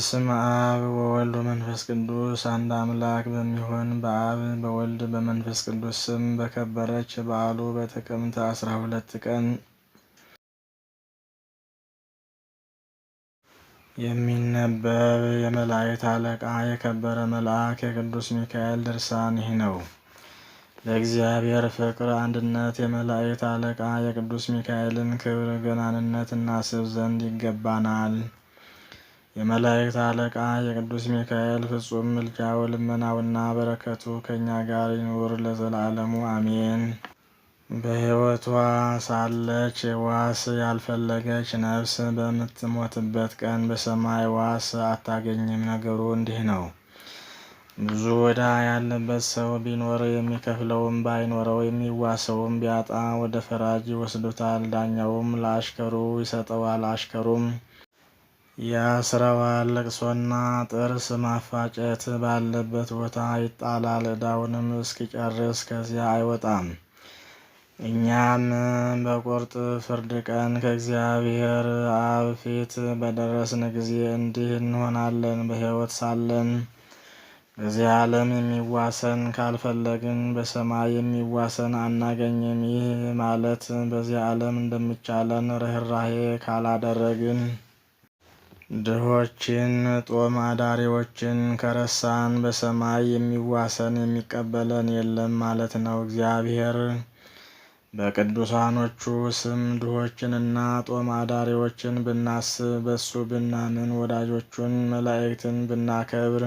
በስም አብ ወወልድ በመንፈስ ቅዱስ አንድ አምላክ በሚሆን በአብ በወልድ በመንፈስ ቅዱስ ስም በከበረች በዓሉ በጥቅምት አስራ ሁለት ቀን የሚነበብ የመላእክት አለቃ የከበረ መልአክ የቅዱስ ሚካኤል ድርሳን ይህ ነው። ለእግዚአብሔር ፍቅር አንድነት የመላእክት አለቃ የቅዱስ ሚካኤልን ክብር ገናንነት እናስብ ዘንድ ይገባናል። የመላእክት አለቃ የቅዱስ ሚካኤል ፍጹም ምልጃው ልመናውና በረከቱ ከእኛ ጋር ይኑር ለዘላለሙ አሜን። በሕይወቷ ሳለች ዋስ ያልፈለገች ነፍስ በምትሞትበት ቀን በሰማይ ዋስ አታገኝም። ነገሩ እንዲህ ነው። ብዙ ወዳ ያለበት ሰው ቢኖር የሚከፍለውም ባይኖረው የሚዋሰውም ቢያጣ ወደ ፈራጅ ይወስዱታል። ዳኛውም ለአሽከሩ ይሰጠዋል። አሽከሩም ያስረዋል። ልቅሶና ጥርስ ማፋጨት ባለበት ቦታ ይጣላል። ዕዳውንም እስኪጨርስ ከዚያ አይወጣም። እኛም በቁርጥ ፍርድ ቀን ከእግዚአብሔር አብ ፊት በደረስን ጊዜ እንዲህ እንሆናለን። በሕይወት ሳለን በዚህ ዓለም የሚዋሰን ካልፈለግን በሰማይ የሚዋሰን አናገኝም። ይህ ማለት በዚህ ዓለም እንደሚቻለን ርኅራሄ ካላደረግን ድሆችን ጦም አዳሪዎችን ከረሳን በሰማይ የሚዋሰን የሚቀበለን የለም ማለት ነው። እግዚአብሔር በቅዱሳኖቹ ስም ድሆችንና ጦም አዳሪዎችን ብናስብ በሱ ብናምን ወዳጆቹን መላእክትን ብናከብር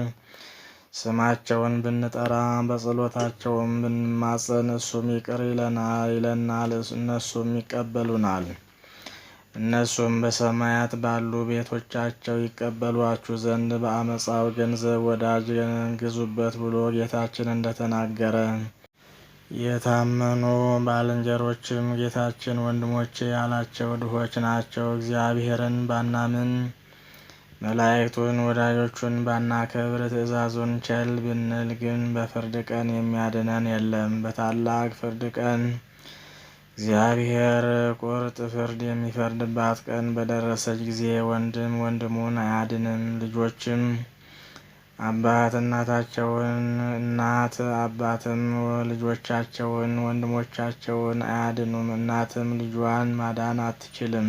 ስማቸውን ብንጠራ በጸሎታቸውም ብንማጸን እሱም ይቅር ይለናል ይለናል፣ እነሱም ይቀበሉናል። እነሱም በሰማያት ባሉ ቤቶቻቸው ይቀበሏችሁ ዘንድ በአመፃው ገንዘብ ወዳጅን ግዙበት ብሎ ጌታችን እንደተናገረ የታመኑ ባልንጀሮችም ጌታችን ወንድሞቼ ያላቸው ድሆች ናቸው። እግዚአብሔርን ባናምን መላእክቱን ወዳጆቹን ባናከብር ትእዛዙን ቸል ብንል ግን በፍርድ ቀን የሚያድነን የለም። በታላቅ ፍርድ ቀን እግዚአብሔር ቁርጥ ፍርድ የሚፈርድባት ቀን በደረሰች ጊዜ ወንድም ወንድሙን አያድንም፣ ልጆችም አባት እናታቸውን እናት አባትም ልጆቻቸውን ወንድሞቻቸውን አያድኑም፣ እናትም ልጇን ማዳን አትችልም።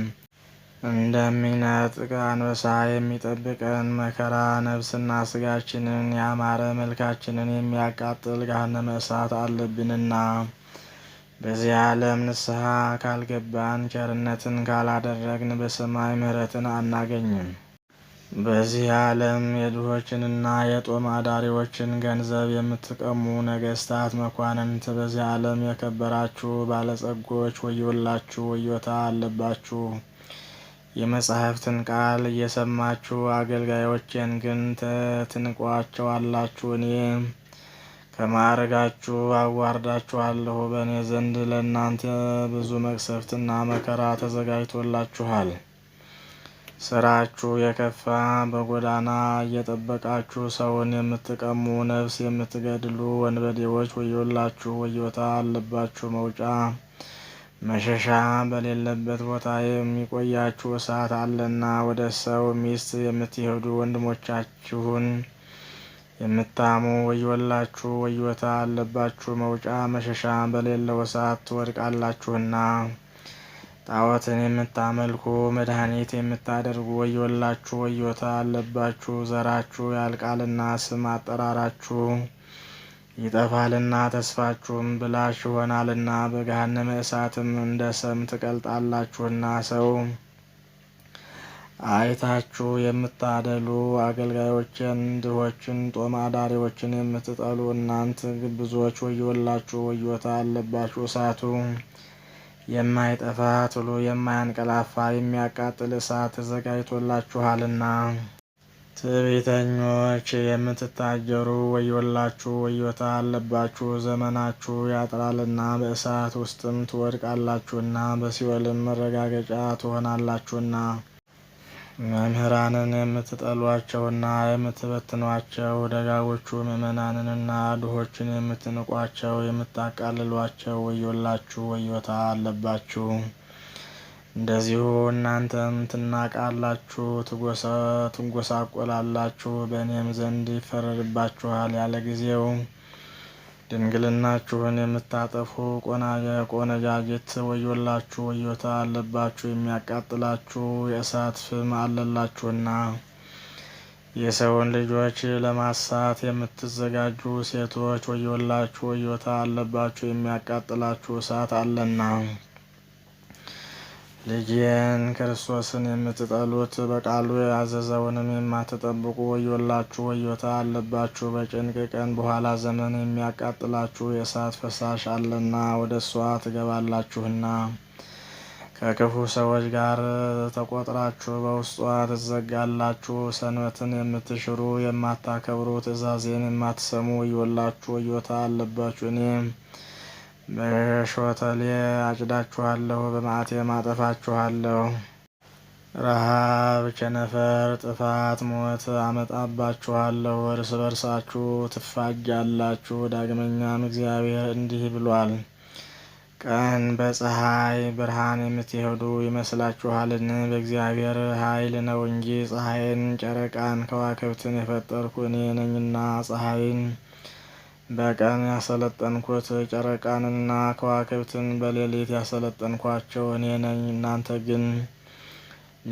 እንደሚነጥቅ አንበሳ የሚጠብቀን መከራ ነፍስና ስጋችንን ያማረ መልካችንን የሚያቃጥል ገሃነመ እሳት አለብንና በዚህ ዓለም ንስሐ ካልገባን ቸርነትን ካላደረግን በሰማይ ምሕረትን አናገኝም። በዚህ ዓለም የድሆችንና የጦም አዳሪዎችን ገንዘብ የምትቀሙ ነገስታት መኳንንት፣ በዚህ ዓለም የከበራችሁ ባለጸጎች ወዮላችሁ፣ ወዮታ አለባችሁ። የመጻሕፍትን ቃል እየሰማችሁ አገልጋዮቼን ግን አላችሁ እኔ ከማዕረጋችሁ አዋርዳችኋለሁ። በእኔ ዘንድ ለእናንተ ብዙ መቅሰፍትና መከራ ተዘጋጅቶላችኋል። ስራችሁ የከፋ በጎዳና እየጠበቃችሁ ሰውን የምትቀሙ ነፍስ የምትገድሉ ወንበዴዎች ወዮላችሁ! ወዮታ አለባችሁ! መውጫ መሸሻ በሌለበት ቦታ የሚቆያችሁ እሳት አለና ወደ ሰው ሚስት የምትሄዱ ወንድሞቻችሁን የምታሙ ወዮላችሁ፣ ወዮታ አለባችሁ፣ መውጫ መሸሻ በሌለው እሳት ትወድቃላችሁና። ጣዖትን የምታመልኩ መድኃኒት የምታደርጉ ወዮላችሁ፣ ወዮታ አለባችሁ፣ ዘራችሁ ያልቃልና ስም አጠራራችሁ ይጠፋልና ተስፋችሁም ብላሽ ይሆናልና በገሃነመ እሳትም እንደ ሰም ትቀልጣላችሁና ሰው አይታችሁ የምታደሉ አገልጋዮችን፣ ድሆችን፣ ጦም አዳሪዎችን የምትጠሉ እናንት ብዙዎች ወዮላችሁ፣ ወዮታ አለባችሁ። እሳቱ የማይጠፋ ትሉ የማያንቀላፋ የሚያቃጥል እሳት ተዘጋጅቶላችኋልና። ትቤተኞች የምትታጀሩ ወዮላችሁ፣ ወዮታ አለባችሁ። ዘመናችሁ ያጥራልና በእሳት ውስጥም ትወድቃላችሁና በሲኦልም መረጋገጫ ትሆናላችሁና መምህራንን የምትጠሏቸውና የምትበትኗቸው ደጋጎቹ ምእመናንንና ድሆችን የምትንቋቸው የምታቃልሏቸው ወዮላችሁ ወዮታ አለባችሁ። እንደዚሁ እናንተም ትናቃላችሁ፣ ትንጎሳቆላላችሁ፣ በእኔም ዘንድ ይፈረድባችኋል ያለ ጊዜው ድንግልናችሁን የምታጠፉ ቆነጃጅት ወዮላችሁ፣ ወዮታ አለባችሁ፣ የሚያቃጥላችሁ የእሳት ፍም አለላችሁና። የሰውን ልጆች ለማሳት የምትዘጋጁ ሴቶች ወዮላችሁ፣ ወዮታ አለባችሁ፣ የሚያቃጥላችሁ እሳት አለና። ልጄን ክርስቶስን የምትጠሉት በቃሉ ያዘዘውንም የማትጠብቁ ወዮላችሁ፣ ወዮታ አለባችሁ። በጭንቅ ቀን በኋላ ዘመን የሚያቃጥላችሁ የእሳት ፈሳሽ አለና ወደ እሷ ትገባላችሁና ከክፉ ሰዎች ጋር ተቆጥራችሁ በውስጧ ትዘጋላችሁ። ሰንበትን የምትሽሩ የማታከብሩ፣ ትእዛዜን የማትሰሙ ወዮላችሁ፣ ወዮታ አለባችሁ። እኔም በሾተሌ አጭዳችኋለሁ፣ በማዕቴም አጠፋችኋለሁ። ረሃብ፣ ቸነፈር፣ ጥፋት፣ ሞት አመጣባችኋለሁ። እርስ በርሳችሁ ትፋጃላችሁ። ዳግመኛም እግዚአብሔር እንዲህ ብሏል፣ ቀን በፀሐይ ብርሃን የምትሄዱ ይመስላችኋልን? በእግዚአብሔር ኃይል ነው እንጂ ፀሐይን፣ ጨረቃን፣ ከዋክብትን የፈጠርኩ እኔ ነኝና ፀሐይን በቀን ያሰለጠንኩት ጨረቃንና ከዋክብትን በሌሊት ያሰለጠንኳቸው እኔ ነኝ። እናንተ ግን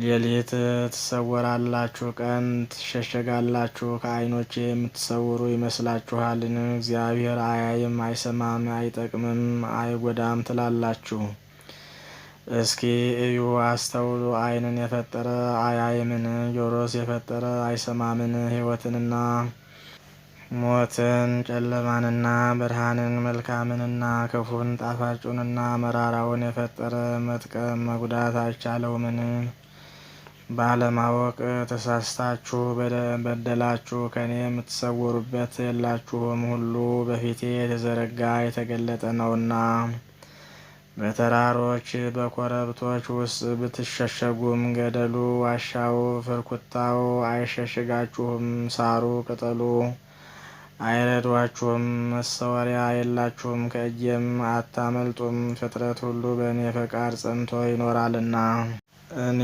ሌሊት ትሰወራላችሁ፣ ቀን ትሸሸጋላችሁ። ከዓይኖቼ የምትሰውሩ ይመስላችኋልን? እግዚአብሔር አያይም፣ አይሰማም፣ አይጠቅምም፣ አይጎዳም ትላላችሁ። እስኪ እዩ፣ አስተውሉ። ዓይንን የፈጠረ አያይምን? ጆሮስ የፈጠረ አይሰማምን? ሕይወትንና ሞትን ጨለማንና ብርሃንን መልካምንና ክፉን ጣፋጩንና መራራውን የፈጠረ መጥቀም መጉዳት አይቻለውምን? ባለማወቅ ተሳስታችሁ በደላችሁ ከኔ የምትሰወሩበት የላችሁም ሁሉ በፊቴ የተዘረጋ የተገለጠ ነውና። በተራሮች በኮረብቶች ውስጥ ብትሸሸጉም ገደሉ፣ ዋሻው፣ ፍርኩታው አይሸሽጋችሁም። ሳሩ ቅጠሉ አይረዷችሁም፣ መሰወሪያ የላችሁም፣ ከእጄም አታመልጡም። ፍጥረት ሁሉ በእኔ ፈቃድ ጸንቶ ይኖራልና እኔ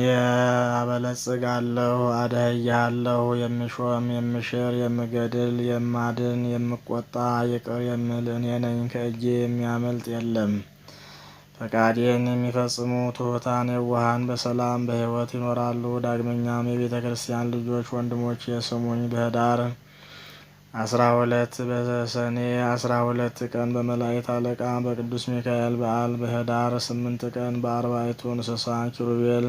አበለጽጋለሁ፣ አደህያለሁ። የምሾም፣ የምሽር፣ የምገድል፣ የማድን፣ የምቆጣ፣ ይቅር የምል እኔ ነኝ። ከእጄ የሚያመልጥ የለም። ፈቃዴን የሚፈጽሙ ትሑታን የዋሃን በሰላም በሕይወት ይኖራሉ። ዳግመኛም የቤተ ክርስቲያን ልጆች ወንድሞች የስሙኝ። በህዳር አስራ ሁለት በሰኔ አስራ ሁለት ቀን በመላእክት አለቃ በቅዱስ ሚካኤል በዓል በህዳር ስምንት ቀን በአርባይቱ እንስሳ ኪሩቤል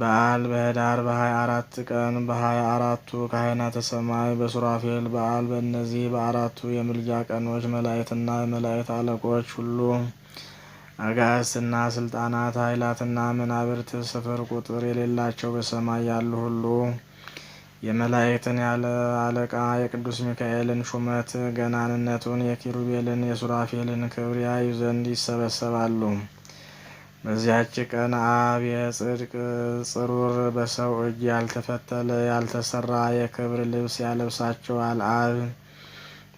በዓል በህዳር በሀያ አራት ቀን በሀያ አራቱ ካህናተ ሰማይ በሱራፌል በዓል በእነዚህ በአራቱ የምልጃ ቀኖች መላእክትና የመላእክት አለቆች ሁሉ አጋእስትና ስልጣናት ኃይላትና መናብርት ስፍር ቁጥር የሌላቸው በሰማይ ያሉ ሁሉ የመላእክትን ያለ አለቃ የቅዱስ ሚካኤልን ሹመት ገናንነቱን የኪሩቤልን የሱራፌልን ክብር ያዩ ዘንድ ይሰበሰባሉ። በዚያች ቀን አብ የጽድቅ ጽሩር በሰው እጅ ያልተፈተለ ያልተሰራ የክብር ልብስ ያለብሳቸዋል። አብ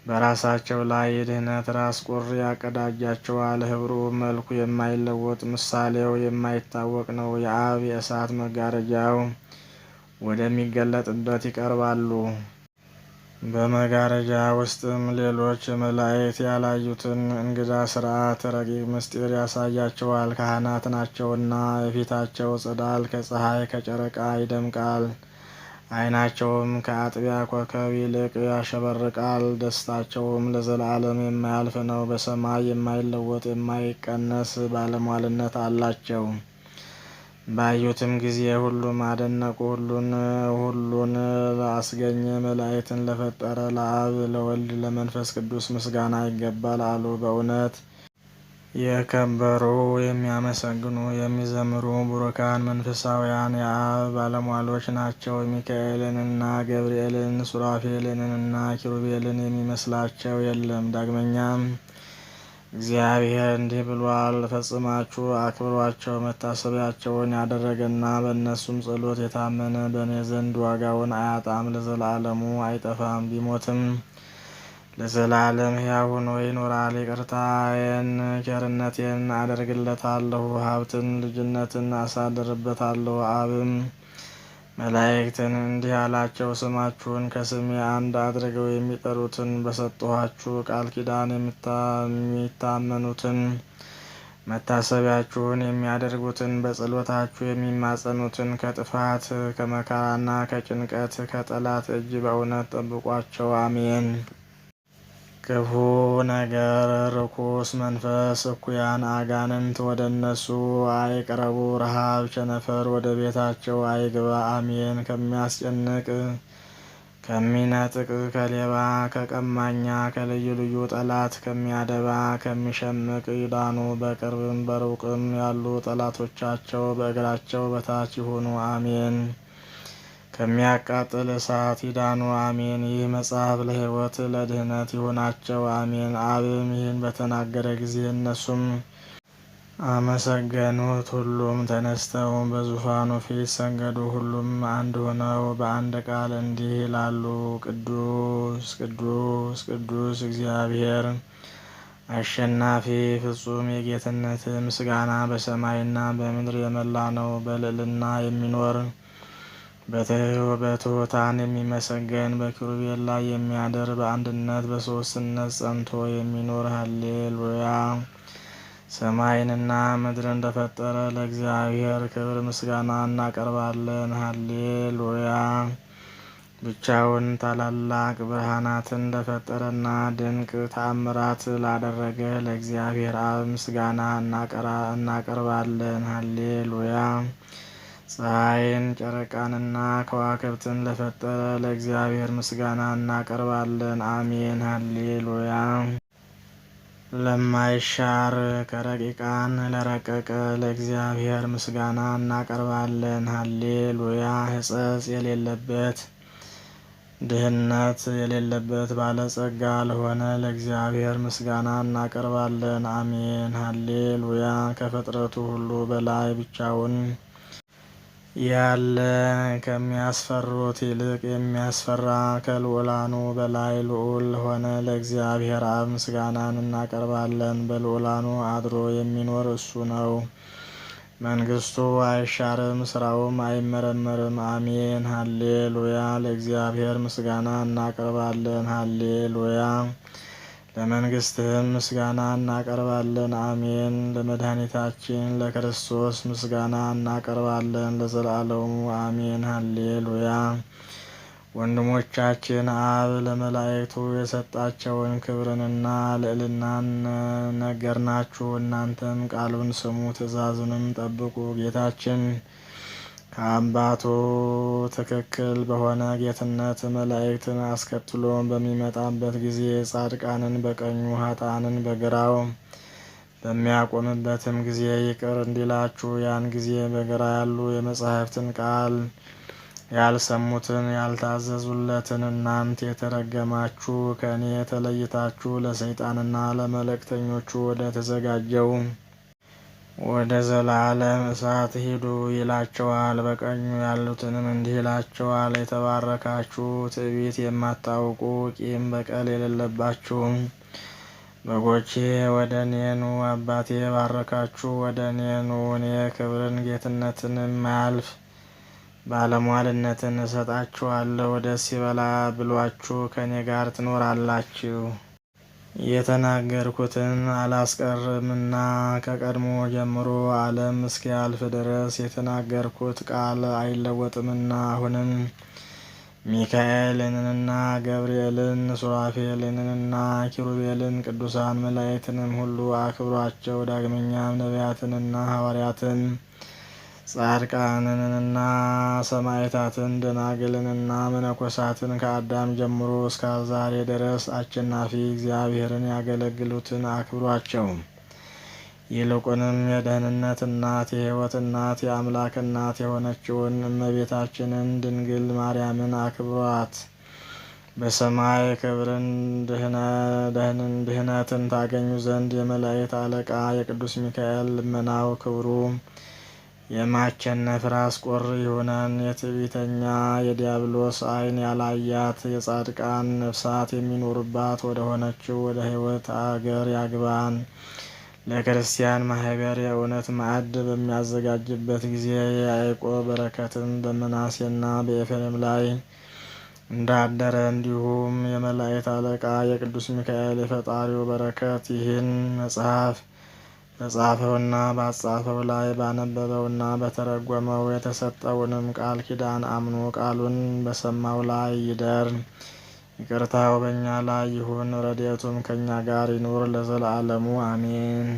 በራሳቸው ላይ የድህነት ራስ ቁር ያቀዳጃቸዋል። ህብሩ መልኩ የማይለወጥ ምሳሌው የማይታወቅ ነው። የአብ የእሳት መጋረጃው ወደሚገለጥበት ይቀርባሉ። በመጋረጃ ውስጥም ሌሎች መላእክት ያላዩትን እንግዳ ስርዓት ረቂቅ ምስጢር ያሳያቸዋል። ካህናት ናቸውና የፊታቸው ጽዳል ከፀሐይ ከጨረቃ ይደምቃል። ዓይናቸውም ከአጥቢያ ኮከብ ይልቅ ያሸበርቃል። ደስታቸውም ለዘላለም የማያልፍ ነው። በሰማይ የማይለወጥ የማይቀነስ ባለሟልነት አላቸው። ባዩትም ጊዜ ሁሉም አደነቁ። ሁሉን ሁሉን አስገኘ። መላእክትን ለፈጠረ ለአብ ለወልድ ለመንፈስ ቅዱስ ምስጋና ይገባል አሉ። በእውነት የከበሩ የሚያመሰግኑ የሚዘምሩ ቡሩካን መንፈሳውያን የአብ ባለሟሎች ናቸው። ሚካኤልንና ገብርኤልን ሱራፌልንና ኪሩቤልን የሚመስላቸው የለም። ዳግመኛም እግዚአብሔር እንዲህ ብሏል፣ ፈጽማችሁ አክብሯቸው። መታሰቢያቸውን ያደረገና በእነሱም ጸሎት የታመነ በእኔ ዘንድ ዋጋውን አያጣም፣ ለዘላለሙ አይጠፋም፣ ቢሞትም ለዘላለም ሕያው ሆኖ ይኖራል። ይቅርታዬን ቸርነቴን አደርግለታለሁ፣ ሀብትን ልጅነትን አሳድርበታለሁ። አብም መላእክትን እንዲህ አላቸው፣ ስማችሁን ከስሜ አንድ አድርገው የሚጠሩትን በሰጠኋችሁ ቃል ኪዳን የሚታመኑትን መታሰቢያችሁን የሚያደርጉትን በጸሎታችሁ የሚማጸኑትን ከጥፋት ከመከራና ከጭንቀት ከጠላት እጅ በእውነት ጠብቋቸው። አሜን። ክፉ ነገር፣ ርኩስ መንፈስ፣ እኩያን አጋንንት ወደ እነሱ አይቅረቡ። ረሃብ፣ ቸነፈር ወደ ቤታቸው አይግባ። አሜን። ከሚያስጨንቅ ከሚነጥቅ፣ ከሌባ፣ ከቀማኛ፣ ከልዩ ልዩ ጠላት፣ ከሚያደባ፣ ከሚሸምቅ ይዳኑ። በቅርብም በሩቅም ያሉ ጠላቶቻቸው በእግራቸው በታች ይሁኑ። አሜን። ከሚያቃጥል እሳት ይዳኑ፣ አሜን። ይህ መጽሐፍ ለሕይወት ለድህነት ይሆናቸው፣ አሜን። አብም ይህን በተናገረ ጊዜ እነሱም አመሰገኑት። ሁሉም ተነስተው በዙፋኑ ፊት ሰገዱ። ሁሉም አንድ ሆነው በአንድ ቃል እንዲህ ይላሉ፣ ቅዱስ ቅዱስ ቅዱስ እግዚአብሔር አሸናፊ ፍጹም የጌትነት ምስጋና በሰማይና በምድር የመላ ነው። በልዕልና የሚኖር በትሑታን የሚመሰገን በኪሩቤል ላይ የሚያደር በአንድነት በሶስትነት ጸንቶ የሚኖር ሀሌሉያ! ሰማይንና ምድር እንደፈጠረ ለእግዚአብሔር ክብር ምስጋና እናቀርባለን። ሀሌሉያ! ብቻውን ታላላቅ ብርሃናትን እንደፈጠረና ድንቅ ተአምራት ላደረገ ለእግዚአብሔር አብ ምስጋና እናቀርባለን። ሀሌሉያ ፀሐይን ጨረቃንና ከዋክብትን ለፈጠረ ለእግዚአብሔር ምስጋና እናቀርባለን። አሜን፣ ሃሌሉያ። ለማይሻር ከረቂቃን ለረቀቀ ለእግዚአብሔር ምስጋና እናቀርባለን። ሃሌሉያ። ሕጸጽ የሌለበት ድህነት የሌለበት ባለጸጋ ለሆነ ለእግዚአብሔር ምስጋና እናቀርባለን። አሜን፣ ሃሌሉያ። ከፍጥረቱ ሁሉ በላይ ብቻውን ያለ ከሚያስፈሩት ይልቅ የሚያስፈራ ከልዑላኑ በላይ ልዑል ሆነ ለእግዚአብሔር አብ ምስጋናን እናቀርባለን። በልዑላኑ አድሮ የሚኖር እሱ ነው። መንግስቱ አይሻርም፣ ስራውም አይመረመርም። አሜን። ሀሌ ሉያ። ለእግዚአብሔር ምስጋና እናቀርባለን። ሀሌ ሉያ ለእግዚአብሔር ምስጋና እናቀርባለን ሀሌሉያ! ሉያ ለመንግስትህም ምስጋና እናቀርባለን፣ አሜን። ለመድኃኒታችን ለክርስቶስ ምስጋና እናቀርባለን ለዘላለሙ አሜን፣ ሀሌሉያ። ወንድሞቻችን አብ ለመላእክቱ የሰጣቸውን ክብርንና ልዕልናን ነገርናችሁ። እናንተም ቃሉን ስሙ፣ ትእዛዙንም ጠብቁ። ጌታችን ከአባቱ ትክክል በሆነ ጌትነት መላእክትን አስከትሎ በሚመጣበት ጊዜ ጻድቃንን በቀኙ ሀጣንን በግራው በሚያቆምበትም ጊዜ ይቅር እንዲላችሁ ያን ጊዜ በግራ ያሉ የመጻሕፍትን ቃል ያልሰሙትን ያልታዘዙለትን እናንት የተረገማችሁ ከእኔ ተለይታችሁ ለሰይጣንና ለመልእክተኞቹ ወደ ተዘጋጀው ወደ ዘላለም እሳት ሂዱ ይላቸዋል። በቀኙ ያሉትንም እንዲህ ይላቸዋል፣ የተባረካችሁ ትዕቢት የማታውቁ ቂም በቀል የሌለባችሁም በጎቼ ወደ እኔኑ አባቴ የባረካችሁ ወደ እኔኑ እኔ ክብርን ጌትነትንም ማያልፍ ባለሟልነትን እሰጣችኋለሁ። ደስ ይበላ ብሏችሁ ከእኔ ጋር ትኖራላችሁ። የተናገርኩትን አላስቀርምና ከቀድሞ ጀምሮ ዓለም እስኪያልፍ ድረስ የተናገርኩት ቃል አይለወጥምና አሁንም ሚካኤልንና ገብርኤልን ሱራፌልንና ኪሩቤልን ቅዱሳን መላእክትንም ሁሉ አክብሯቸው። ዳግመኛም ነቢያትንና ሐዋርያትን ጻድቃንንና ሰማዕታትን ደናግልንና መነኮሳትን ከአዳም ጀምሮ እስከ ዛሬ ድረስ አሸናፊ እግዚአብሔርን ያገለግሉትን አክብሯቸው። ይልቁንም የደህንነት እናት የሕይወት እናት የአምላክ እናት የሆነችውን እመቤታችንን ድንግል ማርያምን አክብሯት። በሰማይ ክብርን ድህነትን ታገኙ ዘንድ የመላእክት አለቃ የቅዱስ ሚካኤል ልመናው ክብሩ የማቸነፍ ራስ ቁር ይሁነን። የትዕቢተኛ የዲያብሎስ ዓይን ያላያት የጻድቃን ነፍሳት የሚኖሩባት ወደ ሆነችው ወደ ሕይወት አገር ያግባን። ለክርስቲያን ማህበር የእውነት ማዕድ በሚያዘጋጅበት ጊዜ የአይቆ በረከትም በምናሴና በኤፍሬም ላይ እንዳደረ እንዲሁም የመላእክት አለቃ የቅዱስ ሚካኤል የፈጣሪው በረከት ይህን መጽሐፍ በጻፈውና ባጻፈው ላይ ባነበበውና በተረጎመው የተሰጠውንም ቃል ኪዳን አምኖ ቃሉን በሰማው ላይ ይደር። ይቅርታው በእኛ ላይ ይሁን፣ ረድኤቱም ከእኛ ጋር ይኑር ለዘላለሙ አሜን።